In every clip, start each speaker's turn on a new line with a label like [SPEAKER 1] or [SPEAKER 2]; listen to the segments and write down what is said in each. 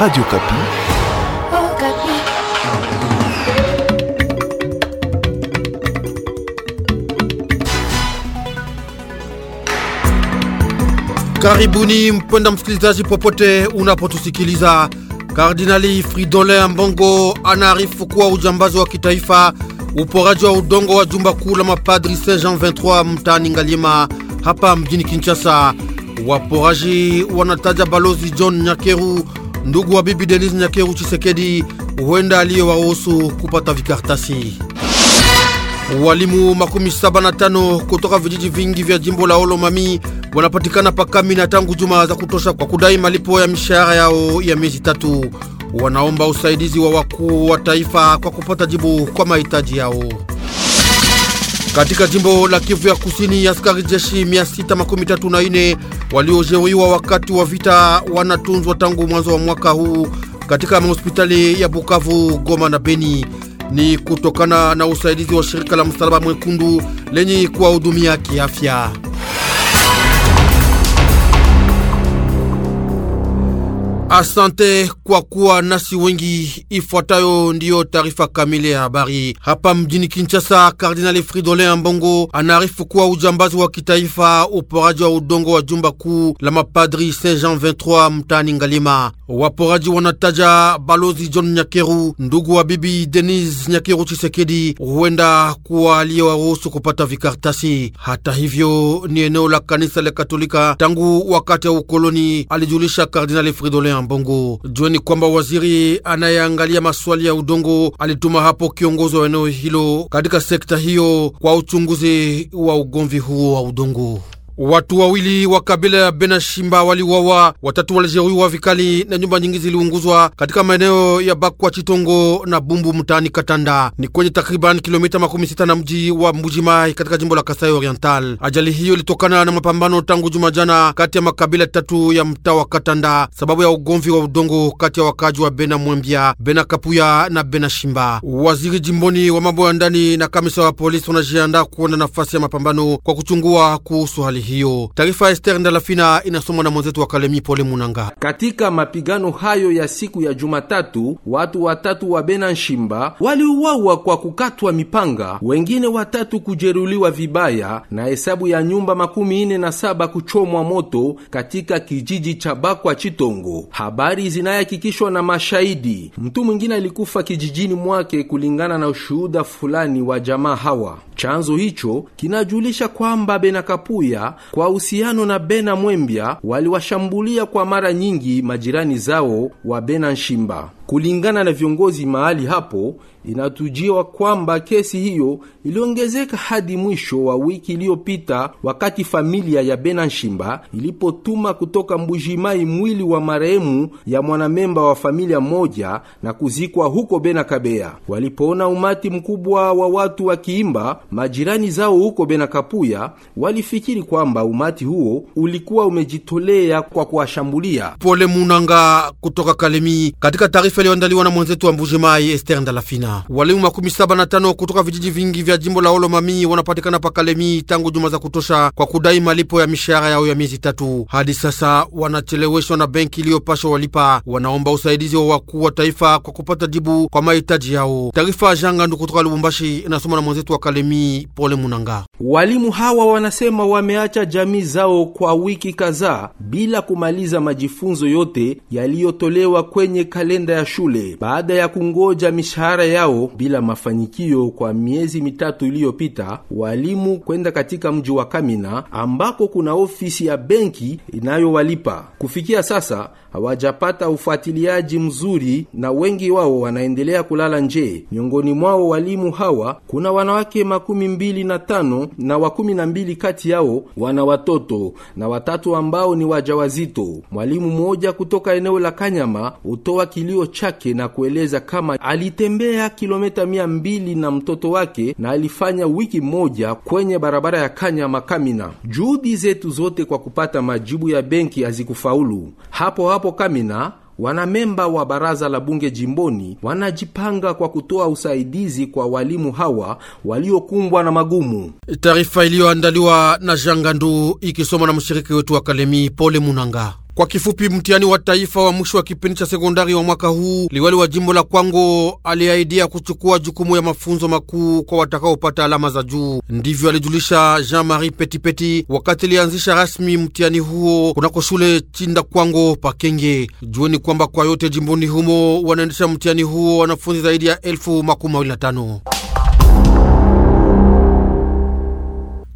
[SPEAKER 1] Radio Kapi.
[SPEAKER 2] Oh, Kapi.
[SPEAKER 3] Karibuni mpenda msikilizaji, popote unapotusikiliza. Kardinali Fridolin Mbongo anaarifu kuwa ujambazi wa kitaifa, uporaji wa udongo wa jumba kuu la mapadri Saint Jean 23 mtaani Ngaliema hapa mjini Kinshasa. Waporaji wanataja balozi John Nyakeru ndugu wa bibi Denise Nyakeru Chisekedi huenda aliyewaruhusu kupata vikartasi. Walimu makumi saba na tano kutoka vijiji vingi vya jimbo la Olomami wanapatikana pakami na tangu juma za kutosha kwa kudai malipo ya mishahara yao ya miezi tatu. Wanaomba usaidizi wa wakuu wa taifa kwa kupata jibu kwa mahitaji yao. Katika jimbo la Kivu ya Kusini, askari jeshi 634 waliojeruhiwa wakati wa vita wanatunzwa tangu mwanzo wa mwaka huu katika mahospitali ya Bukavu, Goma na Beni. Ni kutokana na usaidizi wa shirika la Msalaba Mwekundu lenye kuwahudumia kiafya. Asante kwa kuwa nasi wengi. Ifuatayo ndiyo taarifa kamili ya habari. Hapa mjini Kinshasa, Kardinali Fridolin Ambongo anaarifu kuwa ujambazi wa kitaifa, uporaji wa udongo wa jumba kuu la mapadri Saint Jean 23 mtaani Ngalima. Waporaji wanataja balozi John Nyakeru, ndugu wa bibi Denise Nyakeru Chisekedi, huenda kuwa aliyewaruhusu kupata vikaratasi. Hata hivyo, ni eneo la kanisa la Katolika tangu wakati wa ukoloni, alijulisha Kardinali Fridolin Rambongo. Jueni kwamba waziri anayeangalia maswali ya udongo alituma hapo kiongozi wa eneo hilo katika sekta hiyo kwa uchunguzi wa ugomvi huo wa udongo. Watu wawili wa kabila ya Benashimba waliuawa, watatu walijeruhiwa vikali na nyumba nyingi ziliunguzwa katika maeneo ya Bakwa Chitongo na Bumbu mtaani Katanda, ni kwenye takriban kilomita makumi sita na mji wa Mbujimai katika jimbo la Kasai Oriental. Ajali hiyo ilitokana na mapambano tangu juma jana kati ya makabila tatu ya mtaa wa Katanda sababu ya ugomvi wa udongo kati ya wakaji wa Bena Mwembia, Bena Kapuya na bena shimba Waziri jimboni wa mambo ya ndani na kamisa wa polisi wanajiandaa kuona nafasi ya mapambano kwa kuchungua
[SPEAKER 1] kuhusu hali hiyo. Taarifa ya Ester Ndalafina inasomwa na mwenzetu wa Kalemi, Pole Munanga. Katika mapigano hayo ya siku ya Jumatatu, watu watatu wa Bena Nshimba waliuawa kwa kukatwa mipanga, wengine watatu kujeruliwa vibaya na hesabu ya nyumba makumi ine na saba kuchomwa moto katika kijiji cha Bakwa Chitongo. Habari zinayakikishwa na mashahidi. Mtu mwingine alikufa kijijini mwake kulingana na ushuhuda fulani wa jamaa hawa. Chanzo hicho kinajulisha kwamba Bena Kapuya kwa uhusiano na Bena Mwembya waliwashambulia kwa mara nyingi majirani zao wa Bena Nshimba. Kulingana na viongozi mahali hapo, inatujiwa kwamba kesi hiyo iliongezeka hadi mwisho wa wiki iliyopita, wakati familia ya Benanshimba ilipotuma kutoka Mbujimai mwili wa marehemu ya mwanamemba wa familia moja na kuzikwa huko Benakabea. Walipoona umati mkubwa wa watu wakiimba majirani zao huko Benakapuya, walifikiri kwamba umati huo ulikuwa umejitolea kwa kuwashambulia. Pole
[SPEAKER 3] Munanga kutoka Kalemi katika taarifa yaliyoandaliwa na mwenzetu wa Mbuji Mai Esther Ndalafina. Walimu makumi saba na tano kutoka vijiji vingi vya jimbo la Olomami wanapatikana pakalemi tangu juma za kutosha kwa kudai malipo ya mishahara yao ya miezi tatu. Hadi sasa wanacheleweshwa na benki iliyopashwa walipa. Wanaomba usaidizi wa wakuu wa taifa kwa kupata jibu kwa mahitaji yao. Taarifa ya
[SPEAKER 1] Jangandu kutoka Lubumbashi inasoma na mwenzetu wa Kalemi Pole Munanga. Walimu hawa wanasema wameacha jamii zao kwa wiki kadhaa bila kumaliza majifunzo yote yaliyotolewa kwenye kalenda ya shule baada ya kungoja mishahara yao bila mafanikio kwa miezi mitatu iliyopita. Walimu kwenda katika mji wa Kamina ambako kuna ofisi ya benki inayowalipa. Kufikia sasa hawajapata ufuatiliaji mzuri na wengi wao wanaendelea kulala nje. Miongoni mwao walimu hawa kuna wanawake makumi mbili na tano na wakumi na mbili kati yao wana watoto na watatu ambao ni wajawazito. Mwalimu mmoja kutoka eneo la Kanyama hutoa kilio chake na kueleza kama alitembea kilomita mia mbili na mtoto wake na alifanya wiki moja kwenye barabara ya Kanya Makamina. Juhudi zetu zote kwa kupata majibu ya benki hazikufaulu. Hapo hapo Kamina wanamemba wa baraza la bunge jimboni wanajipanga kwa kutoa usaidizi kwa walimu hawa waliokumbwa na magumu.
[SPEAKER 3] Taarifa iliyoandaliwa na Jangandu ikisoma na mshiriki wetu wa Kalemi Pole Munanga. Kwa kifupi, mtihani wa taifa wa mwisho wa kipindi cha sekondari wa mwaka huu, liwali wa jimbo la Kwango aliahidia kuchukua jukumu ya mafunzo makuu kwa watakaopata alama za juu. Ndivyo alijulisha Jean-Marie Petipeti wakati alianzisha rasmi mtihani huo kunako shule Chinda Kwango Pakenge. Jueni kwamba kwa yote jimboni humo wanaendesha mtihani huo wanafunzi zaidi ya elfu makumi mawili na tano.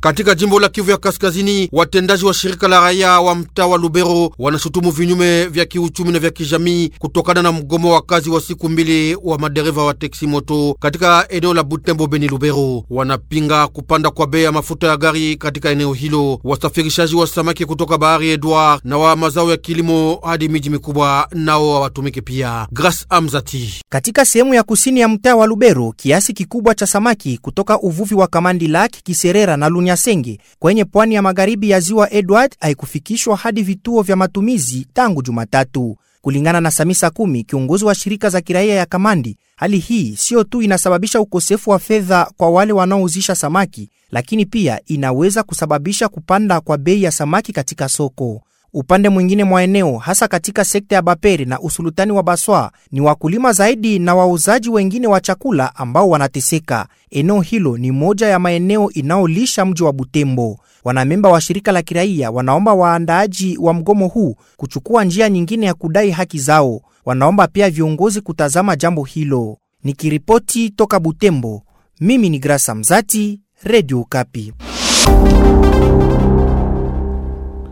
[SPEAKER 3] Katika jimbo la Kivu ya Kaskazini, watendaji wa shirika la raia wa mtaa wa Lubero wanashutumu vinyume vya kiuchumi na vya kijamii kutokana na mgomo wa kazi wa siku mbili wa madereva wa teksi moto katika eneo la Butembo Beni Lubero. Wanapinga kupanda kwa bei ya mafuta ya gari katika eneo hilo, wasafirishaji wa samaki kutoka bahari Edward na wa mazao ya kilimo hadi miji mikubwa nao hawatumike pia. Gras Amzati,
[SPEAKER 4] katika sehemu ya kusini ya mtaa wa Lubero, kiasi kikubwa cha samaki kutoka uvuvi wa Kamandi Lake, Kiserera na Luni nyasenge kwenye pwani ya magharibi ya ziwa Edward haikufikishwa hadi vituo vya matumizi tangu Jumatatu. Kulingana na Samisa Kumi, kiongozi wa shirika za kiraia ya Kamandi, hali hii sio tu inasababisha ukosefu wa fedha kwa wale wanaouzisha samaki, lakini pia inaweza kusababisha kupanda kwa bei ya samaki katika soko. Upande mwingine mwa eneo, hasa katika sekta ya Baperi na usulutani wa Baswa, ni wakulima zaidi na wauzaji wengine wa chakula ambao wanateseka. Eneo hilo ni moja ya maeneo inayolisha mji wa Butembo. Wanamemba wa shirika la kiraia wanaomba waandaaji wa mgomo huu kuchukua njia nyingine ya kudai haki zao. Wanaomba pia viongozi kutazama jambo hilo. Nikiripoti toka Butembo, mimi ni Grasa Mzati, Redio Kapi.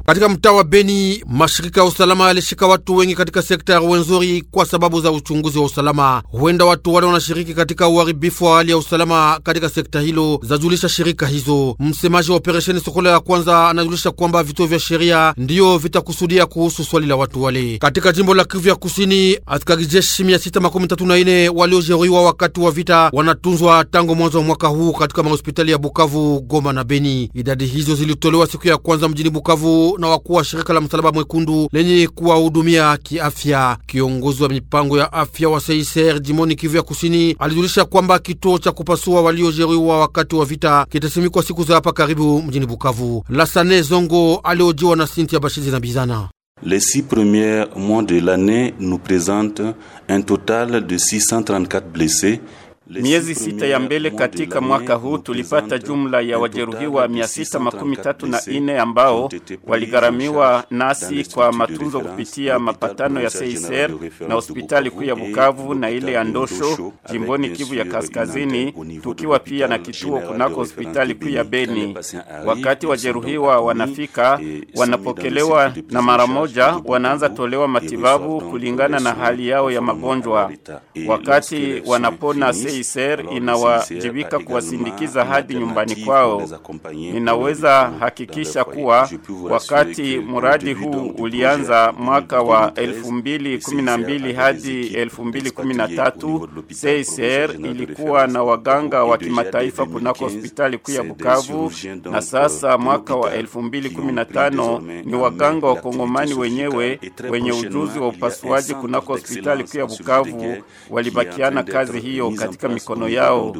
[SPEAKER 3] Katika mtaa wa Beni, mashirika ya usalama yalishika watu wengi katika sekta ya Rwenzori kwa sababu za uchunguzi wa usalama. Huenda watu wale wanashiriki katika uharibifu wa hali ya usalama katika sekta hilo, zajulisha shirika hizo. Msemaji wa operesheni Sokola ya kwanza anajulisha kwamba vituo vya sheria ndiyo vitakusudia kuhusu swali la watu wale. Katika jimbo la Kivu ya Kusini, askari jeshi 634 waliojeruhiwa wakati wa vita wanatunzwa tangu mwanzo wa mwaka huu katika mahospitali ya Bukavu, Goma na Beni. Idadi hizo zilitolewa siku ya kwanza mjini Bukavu na wakuu wa shirika la Msalaba Mwekundu lenye kuwahudumia kiafya. Kiongozi wa mipango ya afya wa Seiser jimoni Kivu ya Kusini alijulisha kwamba kituo cha kupasua waliojeruhiwa wakati wa vita kitasimikwa siku za hapa karibu mjini Bukavu. Lasane Zongo aliojiwa na Sinti ya Bashizi na Bizana.
[SPEAKER 2] Les six premiers mois de l'année nous présentent un total de 634 blessés Miezi sita ya mbele katika mwaka huu tulipata jumla ya wajeruhiwa 634 ambao waligharamiwa nasi kwa matunzo kupitia mapatano ya CICR na hospitali kuu ya Bukavu na ile ya Ndosho jimboni Kivu ya Kaskazini, tukiwa pia na kituo kunako hospitali kuu ya Beni. Wakati wajeruhiwa wanafika, wanapokelewa na mara moja wanaanza tolewa matibabu kulingana na hali yao ya magonjwa. Wakati wanapona CICR inawajibika kuwasindikiza hadi nyumbani kwao. Ninaweza hakikisha kuwa wakati mradi huu ulianza mwaka wa 2012 hadi 2013, CICR ilikuwa na waganga wa kimataifa kunako hospitali kuu ya Bukavu, na sasa mwaka wa 2015 ni waganga wa Kongomani wenyewe wenye ujuzi wa upasuaji kunako hospitali kuu ya Bukavu walibakiana kazi hiyo katika katika mikono yao.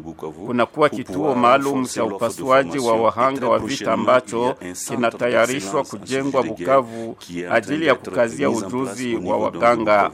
[SPEAKER 2] Kunakuwa kituo maalum cha upasuaji wa wahanga wa vita ambacho kinatayarishwa kujengwa Bukavu ajili ya kukazia ujuzi wa waganga.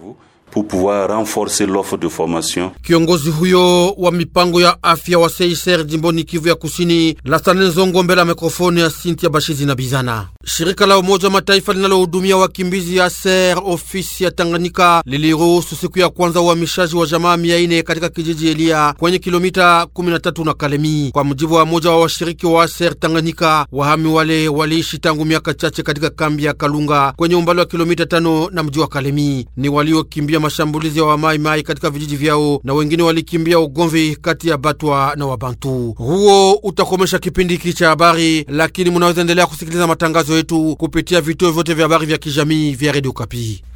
[SPEAKER 2] Pour pouvoir renforcer l'offre de formation.
[SPEAKER 3] Kiongozi huyo wa mipango ya afya wa CICR jimboni Kivu ya Kusini, Lasane Zongo mbele ya mikrofoni ya Sintia Bashizi na Bizana. Shirika la Umoja wa Mataifa linalohudumia wakimbizi ASER ofisi ya Tanganyika liliruhusu siku ya kwanza uhamishaji wa jamaa mia ine katika kijiji Elia kwenye kilomita 13 na Kalemi. Kwa mujibu wa moja wa washiriki wa ASER Tanganyika, wahami wale waliishi tangu miaka chache katika kambi ya Kalunga kwenye umbali wa kilomita tano na mji wa Kalemi. Ni waliokimbia mashambulizi ya wamaimai katika vijiji vyao na wengine walikimbia ugomvi kati ya Batwa na Wabantu. Huo utakomesha kipindi hiki cha habari, lakini munaweza endelea kusikiliza matangazo matangazo yetu kupitia vituo vyote vya habari vya kijamii vya radio Kapi.